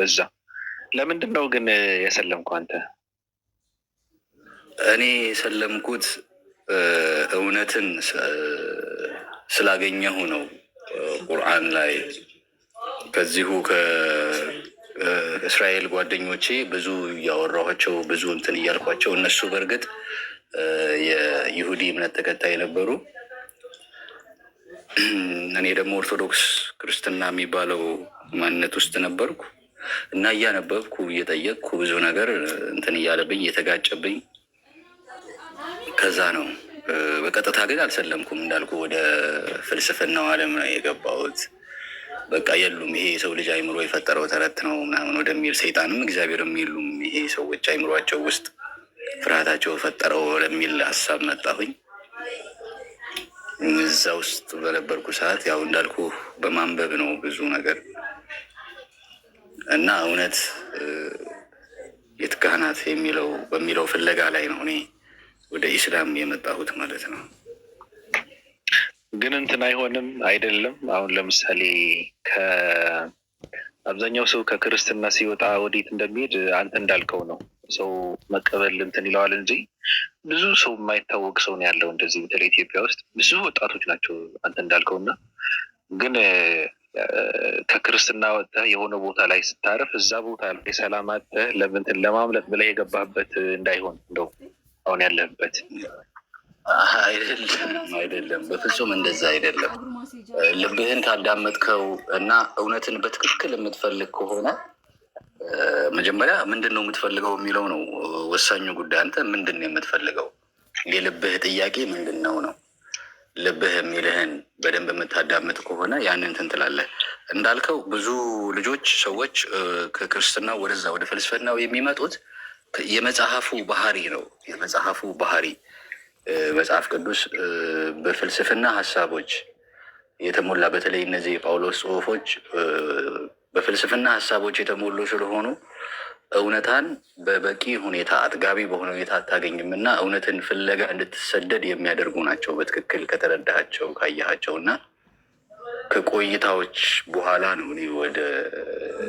በዛ። ለምንድን ነው ግን የሰለምኩ አንተ? እኔ የሰለምኩት እውነትን ስላገኘሁ ነው። ቁርአን ላይ ከዚሁ ከእስራኤል ጓደኞቼ ብዙ እያወራኋቸው ብዙ እንትን እያልኳቸው እነሱ በእርግጥ የይሁዲ እምነት ተከታይ ነበሩ። እኔ ደግሞ ኦርቶዶክስ ክርስትና የሚባለው ማንነት ውስጥ ነበርኩ። እና እያነበብኩ እየጠየቅኩ ብዙ ነገር እንትን እያለብኝ እየተጋጨብኝ ከዛ ነው በቀጥታ ግን አልሰለምኩም። እንዳልኩ ወደ ፍልስፍናው ዓለም ነው የገባሁት። በቃ የሉም ይሄ የሰው ልጅ አይምሮ የፈጠረው ተረት ነው ምናምን ወደሚል ሰይጣንም እግዚአብሔርም የሉም ይሄ ሰዎች አይምሯቸው ውስጥ ፍርሃታቸው የፈጠረው ወደሚል ሀሳብ መጣሁኝ። እዛ ውስጥ በነበርኩ ሰዓት ያው እንዳልኩ በማንበብ ነው ብዙ ነገር እና እውነት የት ካህናት የሚለው በሚለው ፍለጋ ላይ ነው እኔ ወደ ኢስላም የመጣሁት ማለት ነው። ግን እንትን አይሆንም አይደለም። አሁን ለምሳሌ አብዛኛው ሰው ከክርስትና ሲወጣ ወዴት እንደሚሄድ አንተ እንዳልከው ነው። ሰው መቀበል እንትን ይለዋል እንጂ ብዙ ሰው የማይታወቅ ሰው ነው ያለው እንደዚህ። በተለይ ኢትዮጵያ ውስጥ ብዙ ወጣቶች ናቸው አንተ እንዳልከው እና ግን ከክርስትና ወጥተህ የሆነ ቦታ ላይ ስታርፍ እዛ ቦታ ላይ ሰላም አጥተህ ለምንትን ለማምለጥ ብለህ የገባህበት እንዳይሆን እንደው አሁን ያለህበት አይደለም አይደለም፣ በፍጹም እንደዛ አይደለም። ልብህን ካዳመጥከው እና እውነትን በትክክል የምትፈልግ ከሆነ መጀመሪያ ምንድን ነው የምትፈልገው የሚለው ነው ወሳኙ ጉዳይ። አንተ ምንድን ነው የምትፈልገው? የልብህ ጥያቄ ምንድን ነው ነው ልብህ የሚልህን በደንብ የምታዳምጥ ከሆነ ያንን እንትን ትላለህ። እንዳልከው ብዙ ልጆች ሰዎች ከክርስትናው ወደዛ ወደ ፍልስፍናው የሚመጡት የመጽሐፉ ባህሪ ነው። የመጽሐፉ ባህሪ መጽሐፍ ቅዱስ በፍልስፍና ሀሳቦች የተሞላ በተለይ እነዚህ የጳውሎስ ጽሁፎች በፍልስፍና ሀሳቦች የተሞሉ ስለሆኑ እውነታን በበቂ ሁኔታ አጥጋቢ በሆነ ሁኔታ አታገኝም እና እውነትን ፍለጋ እንድትሰደድ የሚያደርጉ ናቸው። በትክክል ከተረዳሃቸው ካየሃቸው እና ከቆይታዎች በኋላ ነው እኔ ወደ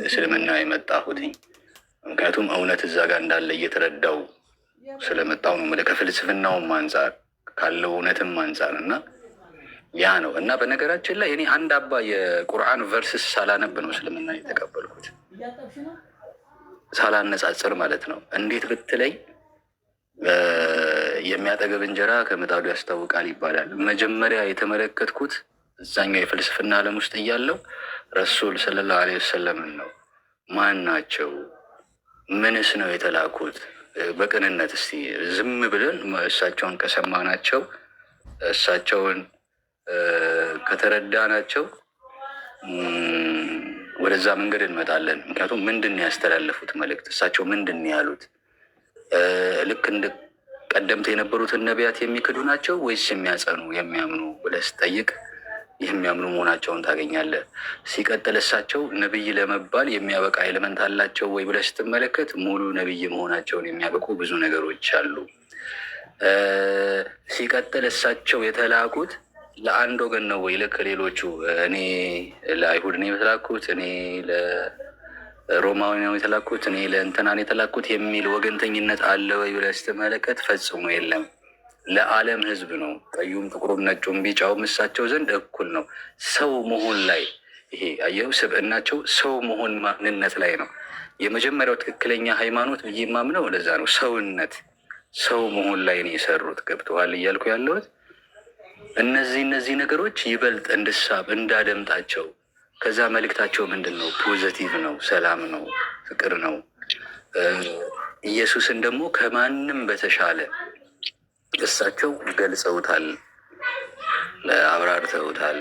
እስልምና የመጣሁትኝ። ምክንያቱም እውነት እዛ ጋር እንዳለ እየተረዳው ስለመጣው ነው ወደ ከፍልስፍናውም አንጻር ካለው እውነትም አንጻር እና ያ ነው እና በነገራችን ላይ እኔ አንድ አባ የቁርአን ቨርስስ ሳላነብ ነው እስልምና የተቀበልኩት። ሳላነጻጽር ማለት ነው። እንዴት ብትለይ የሚያጠገብ እንጀራ ከምጣዱ ያስታውቃል ይባላል። መጀመሪያ የተመለከትኩት እዛኛው የፍልስፍና ዓለም ውስጥ እያለው ረሱል ሰለላሁ ዐለይሂ ወሰለምን ነው። ማን ናቸው? ምንስ ነው የተላኩት? በቅንነት እስቲ ዝም ብለን እሳቸውን ከሰማ ናቸው? እሳቸውን ከተረዳ ናቸው? ወደዛ መንገድ እንመጣለን። ምክንያቱም ምንድን ነው ያስተላለፉት መልእክት? እሳቸው ምንድን ነው ያሉት? ልክ እንደ ቀደምት የነበሩትን ነቢያት የሚክዱ ናቸው ወይስ የሚያጸኑ የሚያምኑ ብለህ ስጠይቅ የሚያምኑ መሆናቸውን ታገኛለህ። ሲቀጥል እሳቸው ነብይ ለመባል የሚያበቃ ኤሌመንት አላቸው ወይ ብለህ ስትመለከት ሙሉ ነብይ መሆናቸውን የሚያበቁ ብዙ ነገሮች አሉ። ሲቀጥል እሳቸው የተላኩት ለአንድ ወገን ነው ወይ ልክ ሌሎቹ እኔ ለአይሁድ ነው የተላኩት፣ እኔ ለሮማዊ ነው የተላኩት፣ እኔ ለእንትና ነው የተላኩት የሚል ወገንተኝነት አለ ወይ ብለህ ስትመለከት ፈጽሞ የለም። ለዓለም ሕዝብ ነው። ቀዩም፣ ጥቁሩም፣ ነጩም ቢጫውም እሳቸው ዘንድ እኩል ነው። ሰው መሆን ላይ ይሄ አየው ስብዕናቸው ሰው መሆን ማንነት ላይ ነው። የመጀመሪያው ትክክለኛ ሃይማኖት ብዬ የማምነው ለዛ ነው። ሰውነት ሰው መሆን ላይ ነው የሰሩት። ገብተዋል እያልኩ ያለሁት እነዚህ እነዚህ ነገሮች ይበልጥ እንድሳብ እንዳደምጣቸው። ከዛ መልእክታቸው ምንድን ነው? ፖዘቲቭ ነው፣ ሰላም ነው፣ ፍቅር ነው። ኢየሱስን ደግሞ ከማንም በተሻለ እሳቸው ገልጸውታል፣ አብራርተውታል፣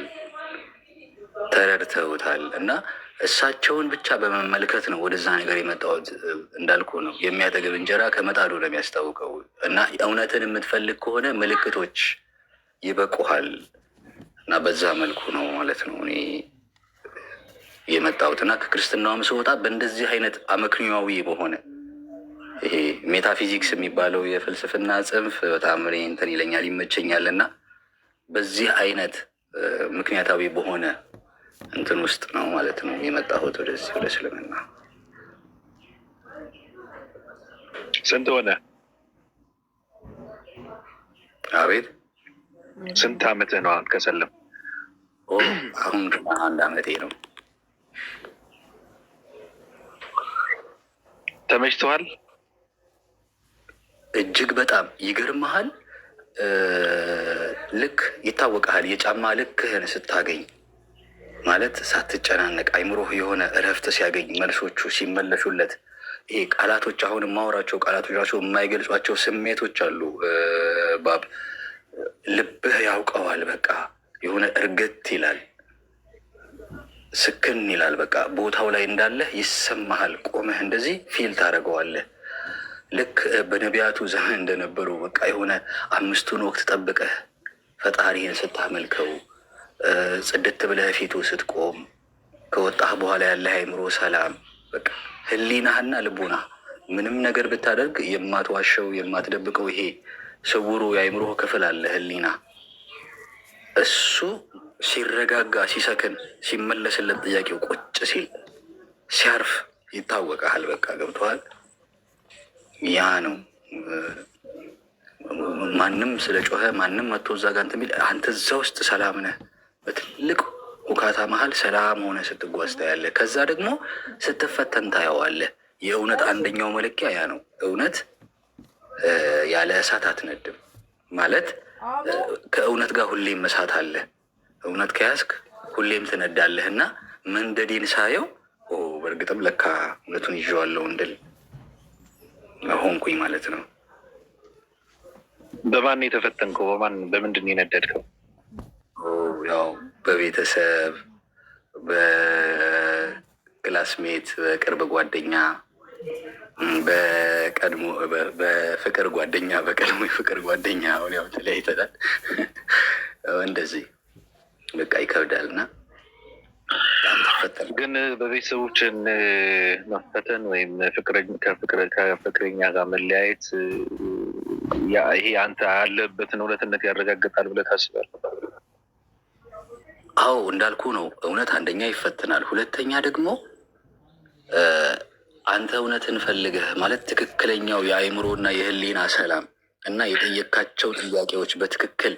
ተረድተውታል እና እሳቸውን ብቻ በመመልከት ነው ወደዛ ነገር የመጣሁት። እንዳልኩ ነው የሚያጠግብ እንጀራ ከመጣዶ ነው የሚያስታውቀው እና እውነትን የምትፈልግ ከሆነ ምልክቶች ይበቁሃል እና በዛ መልኩ ነው ማለት ነው እኔ የመጣሁት እና ከክርስትናውም ስወጣ በእንደዚህ አይነት አመክንዮዊ በሆነ ይሄ ሜታፊዚክስ የሚባለው የፍልስፍና ጽንፍ በጣም እንትን ይለኛል ይመቸኛል እና በዚህ አይነት ምክንያታዊ በሆነ እንትን ውስጥ ነው ማለት ነው የመጣሁት ወደዚህ ወደ እስልምና። ስንት ሆነ? አቤት ስንት አመት ነው? አሁን ከሰለም አንድ አመቴ ነው። ተመችቶሃል? እጅግ በጣም ይገርመሃል። ልክ ይታወቀሃል። የጫማ ልክህን ስታገኝ ማለት ሳትጨናነቅ አይምሮህ የሆነ እረፍት ሲያገኝ መልሶቹ ሲመለሱለት ይሄ ቃላቶች አሁን የማወራቸው ቃላቶች ራሱ የማይገልጿቸው ስሜቶች አሉ ባብ ልብህ ያውቀዋል። በቃ የሆነ እርግት ይላል፣ ስክን ይላል። በቃ ቦታው ላይ እንዳለህ ይሰማሃል። ቆመህ እንደዚህ ፊል ታደርገዋለህ። ልክ በነቢያቱ ዘመን እንደነበሩ በቃ የሆነ አምስቱን ወቅት ጠብቀህ ፈጣሪህን ስታመልከው፣ ጽድት ብለህ ፊቱ ስትቆም፣ ከወጣህ በኋላ ያለህ አይምሮ ሰላም፣ በቃ ህሊናህና ልቡና ምንም ነገር ብታደርግ የማትዋሸው የማትደብቀው ይሄ ስውሩ የአይምሮ ክፍል አለ ህሊና። እሱ ሲረጋጋ ሲሰክን ሲመለስለት ጥያቄው ቁጭ ሲል ሲያርፍ ይታወቀሃል። በቃ ገብተዋል። ያ ነው ማንም ስለ ጮኸ ማንም መቶ እዛ ጋር እንትን የሚል አንተ እዛ ውስጥ ሰላም ነህ። በትልቅ ሁካታ መሀል ሰላም ሆነ ስትጓዝ ታያለህ። ከዛ ደግሞ ስትፈተን ታየዋለህ። የእውነት አንደኛው መለኪያ ያ ነው። እውነት ያለ እሳት አትነድም ማለት ከእውነት ጋር ሁሌም እሳት አለ። እውነት ከያዝክ ሁሌም ትነዳለህ እና መንደዴን ሳየው በእርግጥም ለካ እውነቱን ይዤዋለሁ እንድል ሆንኩኝ ማለት ነው። በማን የተፈተንከው? በማን በምንድን የነደድከው? ያው በቤተሰብ፣ በክላስሜት፣ በቅርብ ጓደኛ በቀድሞ በፍቅር ጓደኛ በቀድሞ የፍቅር ጓደኛ አሁን ያው ተለያይተናል። እንደዚህ በቃ ይከብዳል እና ግን በቤተሰቦችን መፈተን ወይም ከፍቅረኛ ጋር መለያየት ይሄ አንተ ያለበትን እውነትነት ያረጋግጣል ብለህ ታስባለህ? አዎ እንዳልኩ ነው። እውነት አንደኛ ይፈትናል፣ ሁለተኛ ደግሞ አንተ እውነትን ፈልገህ ማለት ትክክለኛው የአይምሮና የህሊና ሰላም እና የጠየካቸው ጥያቄዎች በትክክል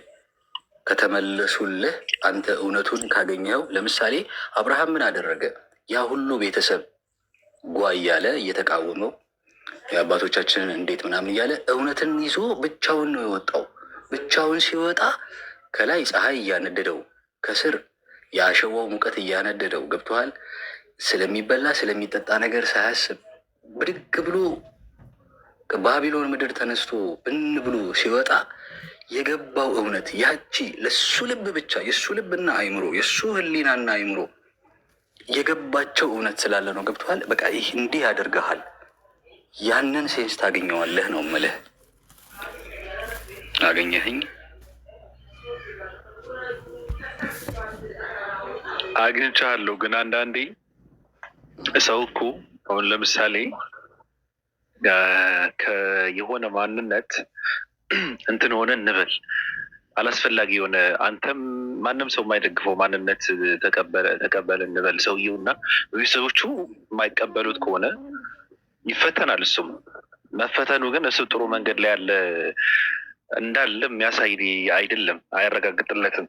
ከተመለሱልህ አንተ እውነቱን ካገኘኸው፣ ለምሳሌ አብርሃም ምን አደረገ? ያ ሁሉ ቤተሰብ ጓ እያለ እየተቃወመው የአባቶቻችንን እንዴት ምናምን እያለ እውነትን ይዞ ብቻውን ነው የወጣው። ብቻውን ሲወጣ ከላይ ፀሐይ እያነደደው፣ ከስር የአሸዋው ሙቀት እያነደደው ገብቶሃል። ስለሚበላ ስለሚጠጣ ነገር ሳያስብ ብድግ ብሎ ከባቢሎን ምድር ተነስቶ ብን ብሎ ሲወጣ የገባው እውነት ያቺ ለሱ ልብ ብቻ የሱ ልብና አይምሮ የሱ ህሊናና አይምሮ የገባቸው እውነት ስላለ ነው። ገብተዋል። በቃ ይህ እንዲህ ያደርግሃል። ያንን ሴንስ ታገኘዋለህ ነው ምልህ። አገኘህኝ? አግኝቻለሁ ግን አንዳንዴ ሰው እኮ አሁን ለምሳሌ የሆነ ማንነት እንትን ሆነ እንበል አላስፈላጊ የሆነ አንተም ማንም ሰው የማይደግፈው ማንነት ተቀበለ እንበል ሰውየውና ሰዎቹ የማይቀበሉት ከሆነ ይፈተናል። እሱም መፈተኑ ግን እሱ ጥሩ መንገድ ላይ ያለ እንዳለ የሚያሳይ አይደለም፣ አያረጋግጥለትም።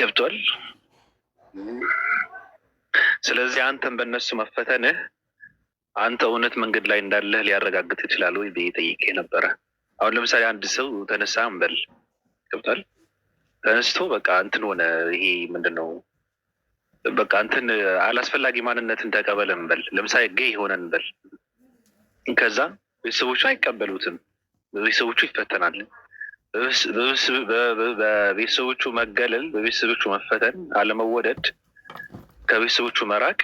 ገብቷል። ስለዚህ አንተን በእነሱ መፈተንህ አንተ እውነት መንገድ ላይ እንዳለህ ሊያረጋግጥ ይችላል ወይ ብዬ ጠይቄ ነበረ። አሁን ለምሳሌ አንድ ሰው ተነሳ እንበል ገብቷል። ተነስቶ በቃ እንትን ሆነ። ይሄ ምንድን ነው? በቃ እንትን አላስፈላጊ ማንነትን ተቀበለ እንበል። ለምሳሌ ጌይ ሆነ እንበል። ከዛ ቤተሰቦቹ አይቀበሉትም። በቤተሰቦቹ ይፈተናል። በቤተሰቦቹ መገለል፣ በቤተሰቦቹ መፈተን፣ አለመወደድ ከቤተሰቦቹ መራቅ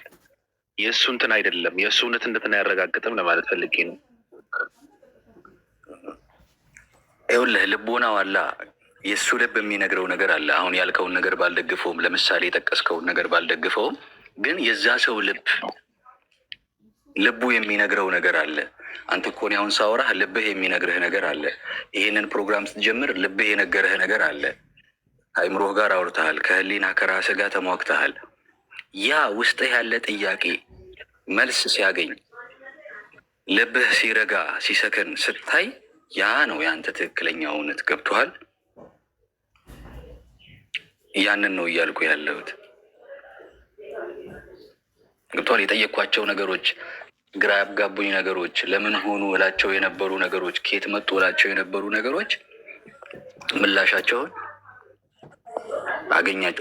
የእሱ እንትን አይደለም የእሱ እውነትነትን አያረጋግጥም ለማለት ፈልጌ ነው። ይኸውልህ ልቦናው አላ የእሱ ልብ የሚነግረው ነገር አለ። አሁን ያልከውን ነገር ባልደግፈውም፣ ለምሳሌ የጠቀስከውን ነገር ባልደግፈውም፣ ግን የዛ ሰው ልብ ልቡ የሚነግረው ነገር አለ። አንተ እኮ እኔ አሁን ሳወራህ ልብህ የሚነግርህ ነገር አለ። ይህንን ፕሮግራም ስትጀምር ልብህ የነገረህ ነገር አለ። ከአይምሮህ ጋር አውርተሃል። ከህሊና ከራስህ ጋር ተሟግተሃል። ያ ውስጥህ ያለ ጥያቄ መልስ ሲያገኝ ልብህ ሲረጋ ሲሰክን ስታይ ያ ነው የአንተ ትክክለኛ እውነት። ገብቶሃል? ያንን ነው እያልኩ ያለሁት። ገብቶሃል? የጠየኳቸው ነገሮች፣ ግራ ያጋቡኝ ነገሮች፣ ለምን ሆኑ እላቸው የነበሩ ነገሮች፣ ከየት መጡ እላቸው የነበሩ ነገሮች ምላሻቸውን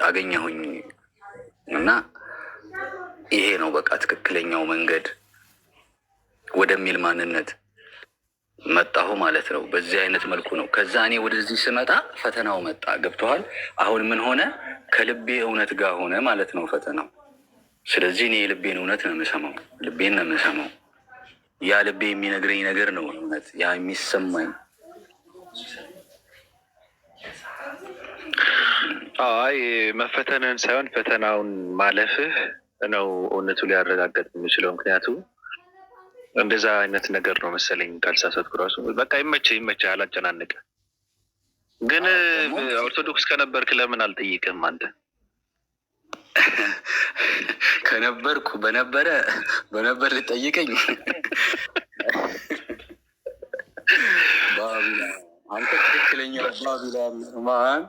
አገኛሁኝ እና ይሄ ነው በቃ ትክክለኛው መንገድ ወደሚል ማንነት መጣሁ ማለት ነው። በዚህ አይነት መልኩ ነው። ከዛ እኔ ወደዚህ ስመጣ ፈተናው መጣ። ገብተዋል። አሁን ምን ሆነ? ከልቤ እውነት ጋር ሆነ ማለት ነው ፈተናው። ስለዚህ እኔ የልቤን እውነት ነው የምሰማው፣ ልቤን ነው የምሰማው። ያ ልቤ የሚነግረኝ ነገር ነው እውነት፣ ያ የሚሰማኝ አይ መፈተንን ሳይሆን ፈተናውን ማለፍህ ነው እውነቱ ሊያረጋገጥ የሚችለው። ምክንያቱም እንደዛ አይነት ነገር ነው መሰለኝ ካልሳሳትኩ ራሱ በቃ ይመች ይመች አላጨናንቅ። ግን ኦርቶዶክስ ከነበርክ ለምን አልጠይቅም አንተ? ከነበርኩ በነበረ በነበር ልጠይቀኝ ባቢላ አንተ ትክክለኛ ባቢላ ማን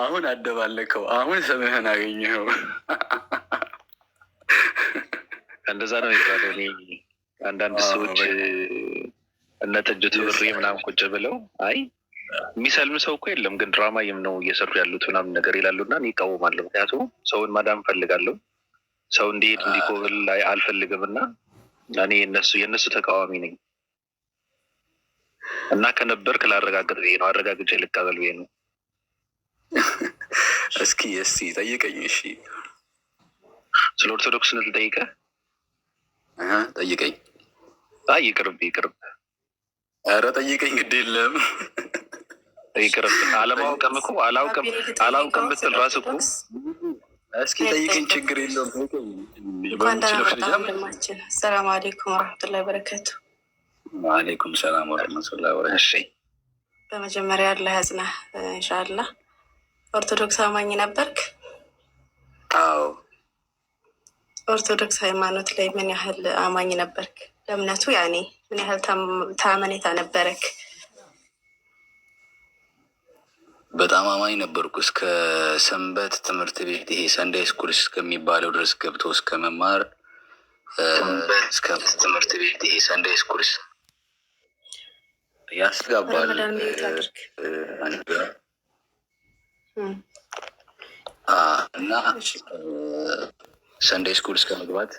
አሁን አደባለከው። አሁን ስምህን አገኘኸው። እንደዛ ነው የሚባለው። እኔ አንዳንድ ሰዎች እነ ተጀቱ ብሬ ምናምን ቁጭ ብለው አይ የሚሰልም ሰው እኮ የለም፣ ግን ድራማ ይም ነው እየሰሩ ያሉት ምናምን ነገር ይላሉና እኔ ይቃወማለሁ። ምክንያቱም ሰውን ማዳን እፈልጋለሁ። ሰው እንዲሄድ እንዲኮብል አልፈልግም እና እኔ የእነሱ ተቃዋሚ ነኝ እና ከነበርክ ላረጋግጥ ብዬ ነው። አረጋግጬ ልቀበል ብዬ ነው። እስኪ እስቲ ጠይቀኝ። እሺ ስለ ኦርቶዶክስ ነው ልጠይቀህ? ጠይቀኝ። አይ ይቅርብ ይቅርብ። ኧረ ጠይቀኝ፣ ግድ የለም ይቅርብ። አለማውቅም እኮ አላውቅም አላውቅም ብትል ራስ እኮ እስኪ ጠይቀኝ፣ ችግር የለውም። ሰላም አሌይኩም ወረሕመቱላሂ ወበረካቱ። አሌይኩም ሰላም ወረሕመቱላሂ ወበረካቱ። በመጀመሪያ አላህ ያጽናህ ኢንሻላህ ኦርቶዶክስ አማኝ ነበርክ? አዎ። ኦርቶዶክስ ሃይማኖት ላይ ምን ያህል አማኝ ነበርክ? ለእምነቱ ያኔ ምን ያህል ታመኔታ ነበረክ? በጣም አማኝ ነበርኩ። እስከ ሰንበት ትምህርት ቤት ይሄ ሰንዳይ ስኩል እስከሚባለው ድረስ ገብቶ እስከ መማር እስከ ትምህርት ቤት ይሄ ሰንዳይ ስኩል ያስጋባል። እና ሰንዴ ስኩል እስከ መግባት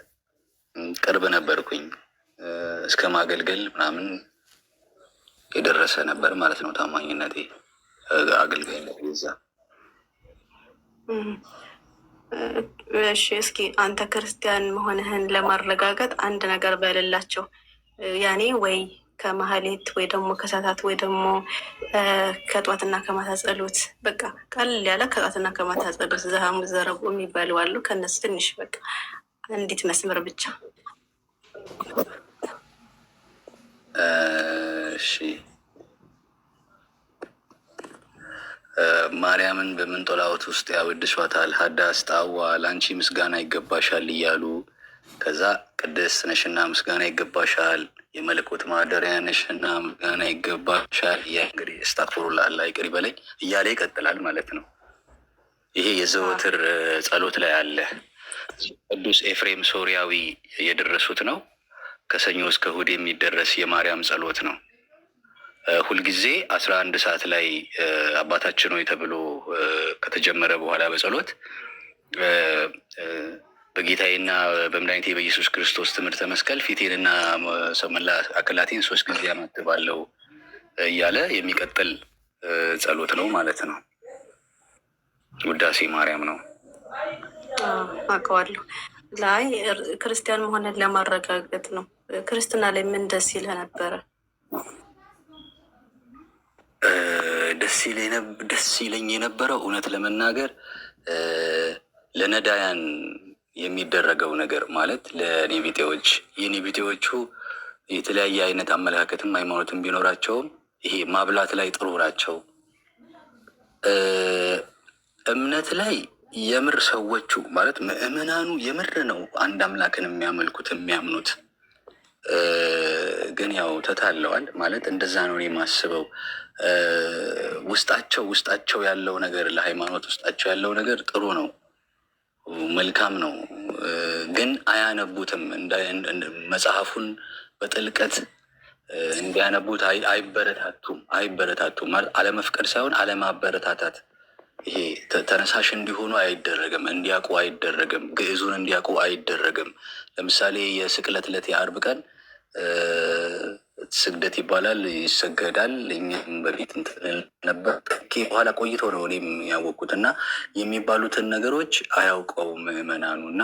ቅርብ ነበርኩኝ እስከ ማገልገል ምናምን የደረሰ ነበር ማለት ነው። ታማኝነቴ አገልጋይነት ይዛ እሺ፣ እስኪ አንተ ክርስቲያን መሆንህን ለማረጋገጥ አንድ ነገር በልላቸው ያኔ ወይ ከመሀሌት ወይ ደግሞ ከሰዓታት ወይ ደግሞ ከጧትና ከማታ ጸሎት፣ በቃ ቀለል ያለ ከጧትና ከማታ ጸሎት ዘሐሙት ዘረቡ የሚባሉ አሉ። ከነሱ ትንሽ በቃ አንዲት መስመር ብቻ። እሺ ማርያምን በምንጦላዎት ውስጥ ያወድሷታል ሀዳስ ጣዋ ለአንቺ ምስጋና ይገባሻል እያሉ ከዛ ቅድስት ነሽና ምስጋና ይገባሻል፣ የመለኮት ማደሪያ ነሽና ምስጋና ይገባሻል። እንግዲህ እስታክፍሩላ አላ ይቅር በላይ እያለ ይቀጥላል ማለት ነው። ይሄ የዘወትር ጸሎት ላይ አለ። ቅዱስ ኤፍሬም ሶሪያዊ የደረሱት ነው። ከሰኞ እስከ እሑድ የሚደረስ የማርያም ጸሎት ነው። ሁልጊዜ አስራ አንድ ሰዓት ላይ አባታችን ሆይ ተብሎ ከተጀመረ በኋላ በጸሎት በጌታዬና በመድኃኒቴ በኢየሱስ ክርስቶስ ትምህርተ መስቀል ፊቴንና መላ አካላቴን ሶስት ጊዜ አማትባለሁ እያለ የሚቀጥል ጸሎት ነው ማለት ነው። ውዳሴ ማርያም ነው አውቀዋለሁ። ላይ ክርስቲያን መሆንን ለማረጋገጥ ነው። ክርስትና ላይ ምን ደስ ይልህ ነበረ? ደስ ይለኝ የነበረው እውነት ለመናገር ለነዳያን የሚደረገው ነገር ማለት ለኔቢጤዎች የኔቢጤዎቹ የተለያየ አይነት አመለካከትም ሃይማኖትም ቢኖራቸውም ይሄ ማብላት ላይ ጥሩ ናቸው። እምነት ላይ የምር ሰዎቹ ማለት ምዕመናኑ የምር ነው አንድ አምላክን የሚያመልኩት የሚያምኑት። ግን ያው ተታለዋል ማለት እንደዛ ነው የማስበው። ውስጣቸው ውስጣቸው ያለው ነገር ለሃይማኖት ውስጣቸው ያለው ነገር ጥሩ ነው። መልካም ነው፣ ግን አያነቡትም። መጽሐፉን በጥልቀት እንዲያነቡት አይበረታቱም። አይበረታቱም አለመፍቀድ ሳይሆን አለማበረታታት። ይሄ ተነሳሽ እንዲሆኑ አይደረግም፣ እንዲያውቁ አይደረግም፣ ግዕዙን እንዲያውቁ አይደረግም። ለምሳሌ የስቅለት ዕለት የአርብ ቀን ስግደት ይባላል ይሰገዳል። እኛም በፊት እንትን ነበር በኋላ ቆይቶ ነው እኔም ያወቅኩት እና የሚባሉትን ነገሮች አያውቀው ምዕመናኑ እና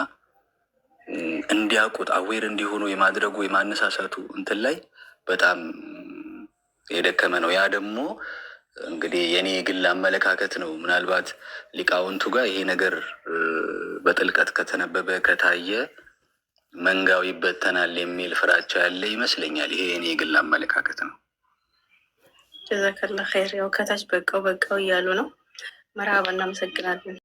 እንዲያውቁት አዌር እንዲሆኑ የማድረጉ የማነሳሳቱ እንትን ላይ በጣም የደከመ ነው። ያ ደግሞ እንግዲህ የእኔ የግል አመለካከት ነው። ምናልባት ሊቃውንቱ ጋር ይሄ ነገር በጥልቀት ከተነበበ ከታየ መንጋው ይበተናል የሚል ፍራቻ ያለ ይመስለኛል። ይሄ እኔ የግል አመለካከት ነው። ጀዛከላ ኸይር። ያው ከታች በቃው በቃው እያሉ ነው። መርሃባ እናመሰግናለን።